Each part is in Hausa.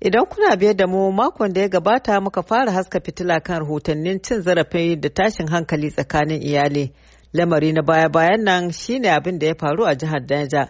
Idan kuna biye da mu makon da ya gabata muka fara haska fitila kan rahotannin cin zarafi da tashin hankali tsakanin iyali. Lamari na baya-bayan nan shine abin da ya faru a jihar Daja.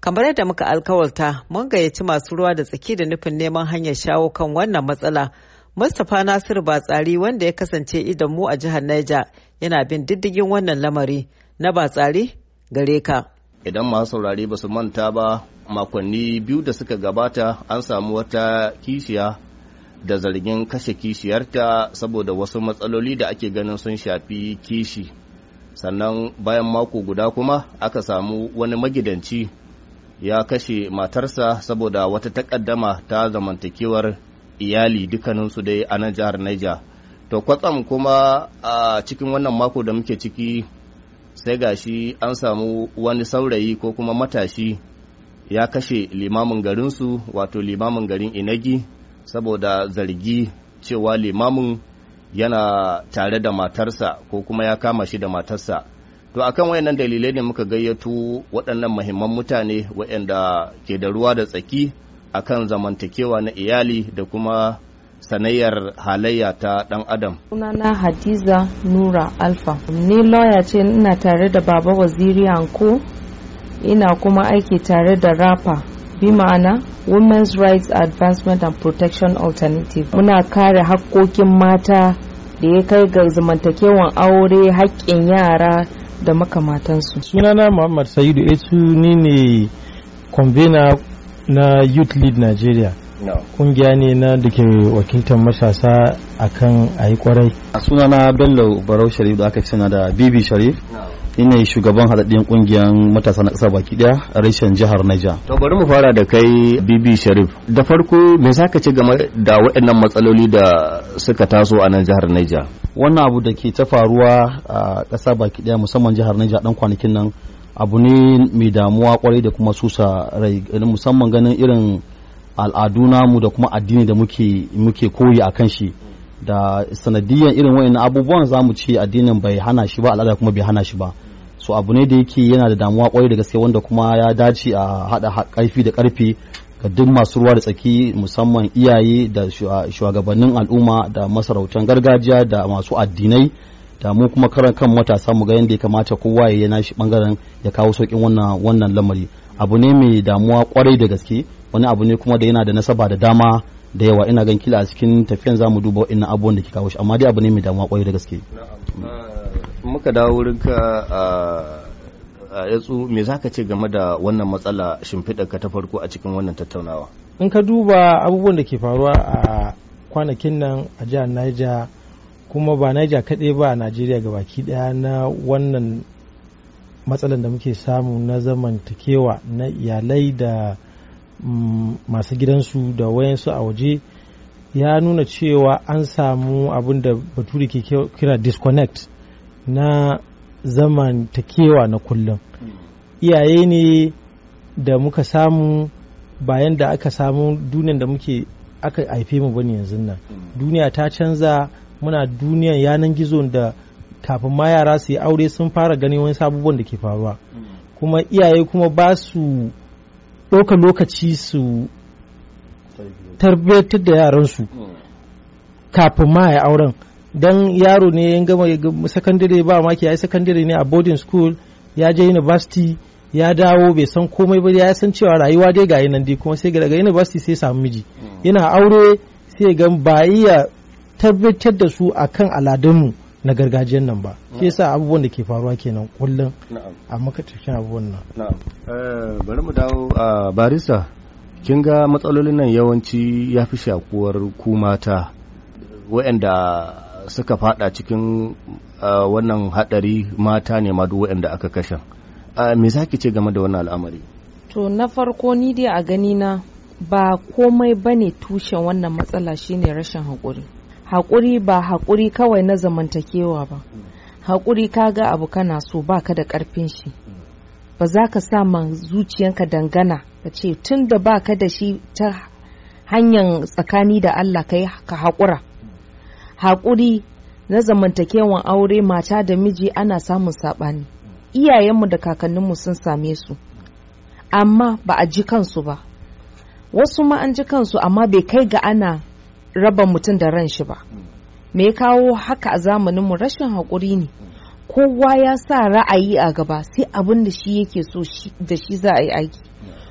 Kamar yadda muka alkawalta, mun gayyaci masu ruwa da tsaki da nufin neman hanyar shawo kan wannan matsala. Mustapha Nasiru Batsari wanda ya kasance idan mu a jihar Niger yana bin diddigin wannan lamari na Batsari gare ka. idan masu saurare ba su manta ba makonni biyu da suka gabata an samu wata kishiya da zargin kashe kishiyarta saboda wasu matsaloli da ake ganin sun shafi kishi sannan bayan mako guda kuma aka samu wani magidanci ya kashe matarsa saboda wata takaddama ta zamantakewar iyali dukkaninsu dai a nan jihar Niger. To kwatsam kuma a cikin wannan mako da muke ciki sai gashi an samu wani saurayi ko kuma matashi ya kashe limamin garinsu wato limamin garin inagi saboda zargi cewa limamin yana tare da matarsa ko kuma ya kama shi da matarsa to akan wayannan dalilai ne muka gayyato waɗannan mahimman mutane waɗanda ke da ruwa da tsaki akan zamantakewa na iyali da kuma sanayyar halayya ta dan adam sunana hadiza nura alfa ni lawyer ce ina tare da baba waziri anko ina kuma aiki tare da rapa bi ma'ana women's rights advancement and protection alternative muna kare hakkokin mata da ya kai ga zamantakewan aure haƙƙin yara da makamatansu sunana muhammad sayidu esu ni ne convener na youth lead nigeria kungiya ne na da ke wakiltar matasa akan a yi kwarai a sunana bello barau sharif da aka fi sana da bibi sharif ina shugaban haɗaɗɗen kungiyar matasa na ƙasa baki ɗaya a reshen jihar Naija. To bari mu fara da kai Bibi Sharif. Da farko me za ka ci game da waɗannan matsaloli da suka taso a nan jihar Naija? Wannan abu da ke ta faruwa a ƙasa baki ɗaya musamman jihar Naija ɗan kwanakin nan abu ne mai damuwa kwarai da kuma susa rai musamman ganin irin al'adu namu da kuma addini da muke muke koyi a kan shi da sanadiyan irin wayannan abubuwan zamu ce addinin bai hana shi ba al'ada kuma bai hana shi ba so abu ne da yake yana da damuwa kwarai da gaske wanda kuma ya dace a hada karfi da karfi ga duk masu ruwa da tsaki musamman iyaye da shugabannin al'umma da masarautan gargajiya da masu addinai da mu kuma karan kan matasa mu ga yadda ya kamata kowa ya nashi bangaren ya kawo sauƙin wannan wannan lamari abu ne mai damuwa kwarai da gaske wani abu ne kuma da yana da nasaba da dama da yawa ina gan kila a cikin tafiyan zamu duba wa'annan abubuwan da ke kawo shi amma dai abu ne mai damuwa kwayo da gaske muka dawo wurin ka a yatsu me zaka ce game da wannan matsala shimfiɗar ka ta farko a cikin wannan tattaunawa in ka duba abubuwan da ke faruwa a kwanakin nan a jihar Niger kuma ba Niger kaɗai ba a Najeriya ga baki ɗaya na wannan matsalan da muke samu na zamantakewa na iyalai da Mm, masu gidansu da wayansu a waje ya nuna cewa an samu abin da bature ke kira disconnect na zamantakewa na kullum iyaye ne da muka samu bayan da aka samu duniyan da muke aka haife mu bane yanzu nan duniya ta canza muna duniyan yanan gizo da kafin ma yara su yi aure sun fara ganin wani sabubuwan da ke faruwa kuma iyaye kuma ba su ɗaukar lokaci su tarbiyyar da yaransu kafin ma ya auren don yaro ne ya gama sakandare ba maki ya yi sakandare ne a boarding school ya je university ya dawo bai san komai ba ya san cewa rayuwa dai ga nan dai kuma sai daga university sai samu miji mm. yana aure sai ga ba iya tabbatar da su akan aladunmu na gargajiyan nan ba shi yasa abubuwan da ke faruwa kenan kullum a makatakin abubuwan nan eh, bari mu dawo a barista kin ga matsalolin nan yawanci ya fi shakuwar ku mata waɗanda suka fada cikin wannan hadari mata ne ma duk aka kashe me za ki ce game da wannan al'amari to na farko ni dai a ganina ba komai bane tushen wannan matsala shine rashin haƙuri haƙuri ba haƙuri kawai na zamantakewa ba haƙuri ka ga abu kana so ba ka da ƙarfin shi ba za ka sa ma zuciyanka dangana ka ce tun da ba ka da shi ta hanyar tsakani da Allah ka yi ka haƙura haƙuri na zamantakewan aure mata da miji ana samun saɓani iyayenmu da kakanninmu sun same su amma ba a ji kansu ba wasu ma an ji kansu amma bai kai ga ana raba mutum da ran shi ba me ya kawo haka a zamanin mu rashin haƙuri ne kowa ya sa ra'ayi a gaba sai abin da shi yake so da shi za a yi aiki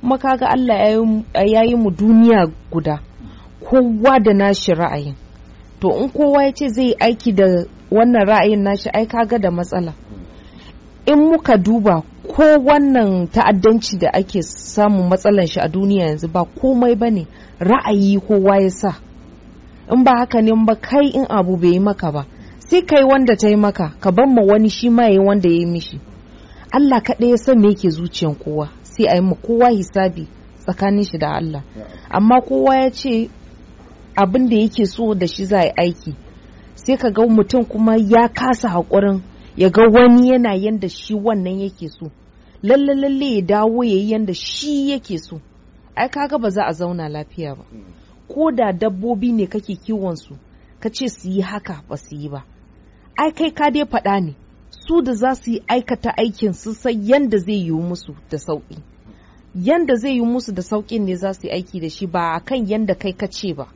kuma kaga Allah ya yi mu duniya guda kowa da nashi ra'ayin to in kowa ya ce zai yi aiki da wannan ra'ayin nashi ai kaga da matsala in muka duba ko wannan ta'addanci da ake samun matsalan shi a duniya yanzu ba komai bane ra'ayi kowa ya sa in ba haka ne ba kai in abu bai yi maka ba sai kai wanda ta yi maka ka ban ma wani shi ma yi wanda ya yi mishi Allah kaɗai ya san me yake zuciyan kowa sai a yi ma kowa hisabi tsakanin shi da Allah amma kowa ya ce abin da yake so da shi za a yi aiki sai ka ga mutum kuma ya kasa haƙurin ya ga wani yana yanda shi wannan yake so lalle lalle ya dawo ya yi yanda shi yake so ai kaga ba za a zauna lafiya ba ko da dabbobi ne kake kiwon su ka ce su yi haka ba su yi ba ai kai ka dai faɗa ne su da za su yi aikata aikin su san yanda zai yi musu da sauƙi yanda zai yi musu da sauƙin ne za su yi aiki da shi ba a kan yanda kai ka ce ba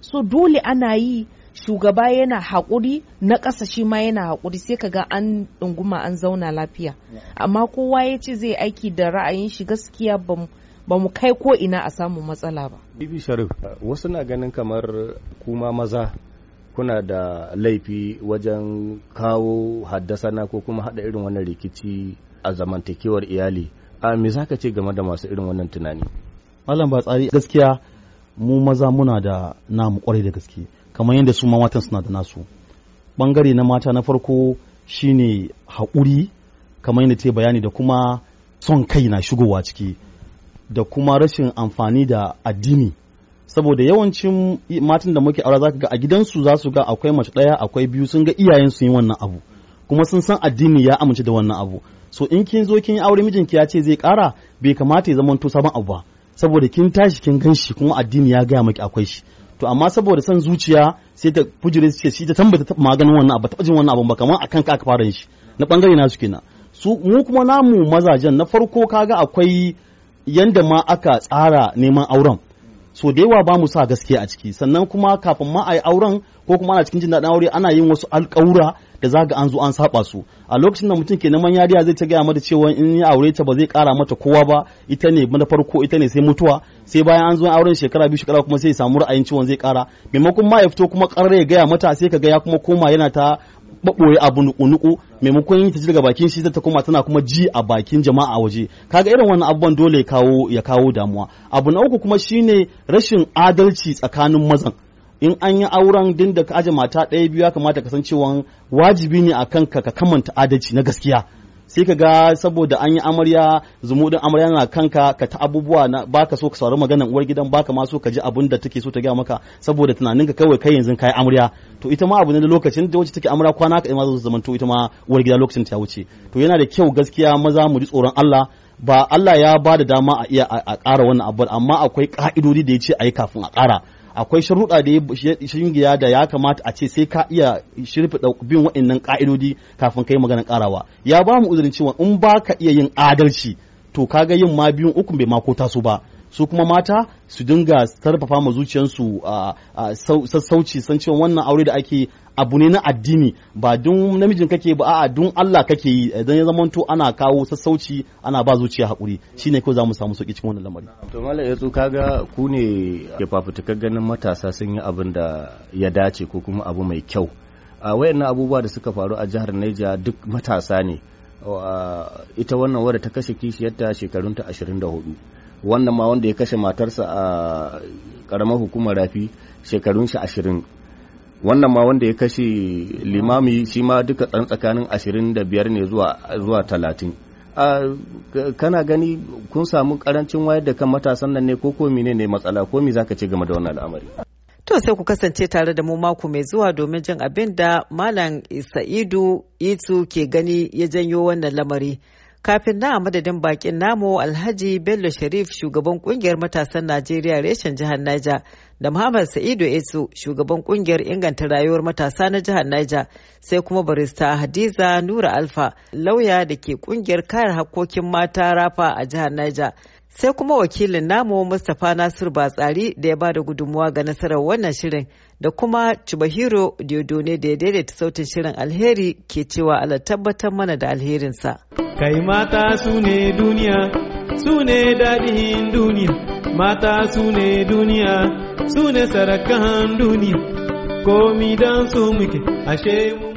so dole ana yi shugaba yana haƙuri na ƙasa shi ma yana haƙuri sai ka ga an ɗunguma an zauna lafiya amma kowa ya ce zai aiki da ra'ayin shi gaskiya ba ba mu kai ko ina a samu matsala ba bibi sharif wasu na ganin kamar kuma maza kuna da laifi wajen kawo haddasana ko kuma haɗa irin wannan rikici a zamantakewar iyali a me za ka ce game da masu irin wannan tunani malam ba tsari gaskiya mu maza muna da namu kwarai da gaske kamar yadda su matan suna da nasu bangare na mata na farko shine haƙuri kamar yadda ta bayani da kuma son kai na shigowa ciki da kuma rashin amfani da addini saboda yawancin matan da muke aure zaka ga a gidansu za su ga akwai mace daya akwai biyu sun ga iyayen su yi wannan abu kuma sun san addini ya amince da wannan abu so in kin zo kin yi aure mijinki ya ce zai kara bai kamata ya zama to sabon abu ba saboda kin tashi kin gan shi kuma addini ya gaya maki akwai shi to amma saboda san zuciya sai ta fujire shi ta tambata ta maganin wannan abu ta jin wannan abu ba kamar akan ka aka fara shi na bangare na su kenan su mu kuma namu mazajen na farko kaga akwai yanda ma aka tsara neman auren so da yawa ba mu sa gaskiya a ciki sannan kuma kafin ma a yi auren ko kuma ana cikin jin daɗin aure ana yin wasu alƙawura da za ga an zo an saba su a lokacin da mutum ke neman yariya zai ta gaya mata cewa in ya aure ta ba zai ƙara mata kowa ba ita ne na farko ita ne sai mutuwa sai bayan an zo auren shekara biyu shekara kuma sai samu ra'ayin ciwon zai ƙara maimakon ma ya fito kuma ƙarar ya gaya mata sai ka ga ya kuma koma yana ta baboye abu nuku-nuku maimakon yin ta daga bakin shi ta koma tana kuma ji a bakin jama'a waje kaga irin wannan abubuwan dole ya kawo ya kawo damuwa abu na uku kuma shine rashin adalci tsakanin mazan in an yi auren din da ka aje mata ɗaya biyu ya kamata kasancewan wajibi ne akan ka ka kamanta adalci na gaskiya sai ka ga saboda an yi amarya zumudin amarya na kanka ka ta abubuwa na baka so ka saurari maganar uwar gidan baka ma so ka ji abin da take so ta gaya maka saboda tunanin ka kawai kai yanzu kai amarya to ita ma abu ne da lokacin da wacce take amarya kwana ka ma zo to ita ma uwar gida lokacin ta wuce to yana da kyau gaskiya maza mu ji tsoron Allah ba Allah ya ba da dama a iya a ƙara wannan abu amma akwai ka'idodi da ya ce a yi kafin a ƙara akwai sharuɗa da shingiya da ya kamata a ce sai ka iya shirfiɗa bin waɗannan ƙa'idodi kafin ka yi maganar ƙarawa ya ba mu uzurin cewa in ba ka iya yin adalci to kaga yin ma biyun uku bai ma ko taso ba su kuma mata su dinga sarfafa ma zuciyarsu a sassauci san cewa wannan aure da ake abu ne na addini ba dun namijin kake ba a'a dun Allah kake yi idan ya zamanto ana kawo sassauci ana ba zuciya hakuri shine ko za mu samu sauki cikin wannan lamari to mallam yatsu kaga ku ne ke fafutukar ganin matasa sun yi abin da ya dace ko kuma abu mai kyau a wayannan abubuwa da suka faru a jihar Niger duk matasa ne ita wannan wadda ta kashe kishiyarta shekarunta 24 wannan ma wanda ya kashe matarsa a karamar hukumar rafi shekarun shi ashirin wannan ma wanda ya kashe limami shi ma duka tsan tsakanin ashirin da biyar ne zuwa talatin kana gani kun samu karancin wayar da kan matasan nan ne ko ko ne ne matsala ko za zaka ce game da wannan al'amari To sai ku kasance tare da mu mako mai zuwa domin jin abin da Malam Sa'idu Itu ke gani ya janyo wannan lamari. kafin na madadin bakin namu alhaji bello sharif shugaban kungiyar matasan najeriya reshen jihar naija da muhammad sa'idu esu shugaban kungiyar inganta rayuwar matasa na jihar naija sai kuma barista hadiza nura alfa lauya da ke kungiyar kare hakkokin mata rafa a jihar naija Sai kuma wakilin namu Mustapha Nasir Batsari da ya bada gudunmuwa ga nasarar wannan shirin da kuma Chubahiro Diodone da ya daidaita sautin shirin alheri ke cewa ala tabbatar mana da alherinsa. Kai mata su ne duniya, su ne daɗin duniya, mata su ne duniya, su ne sarakan duniya, komi don su muke, ashe mu.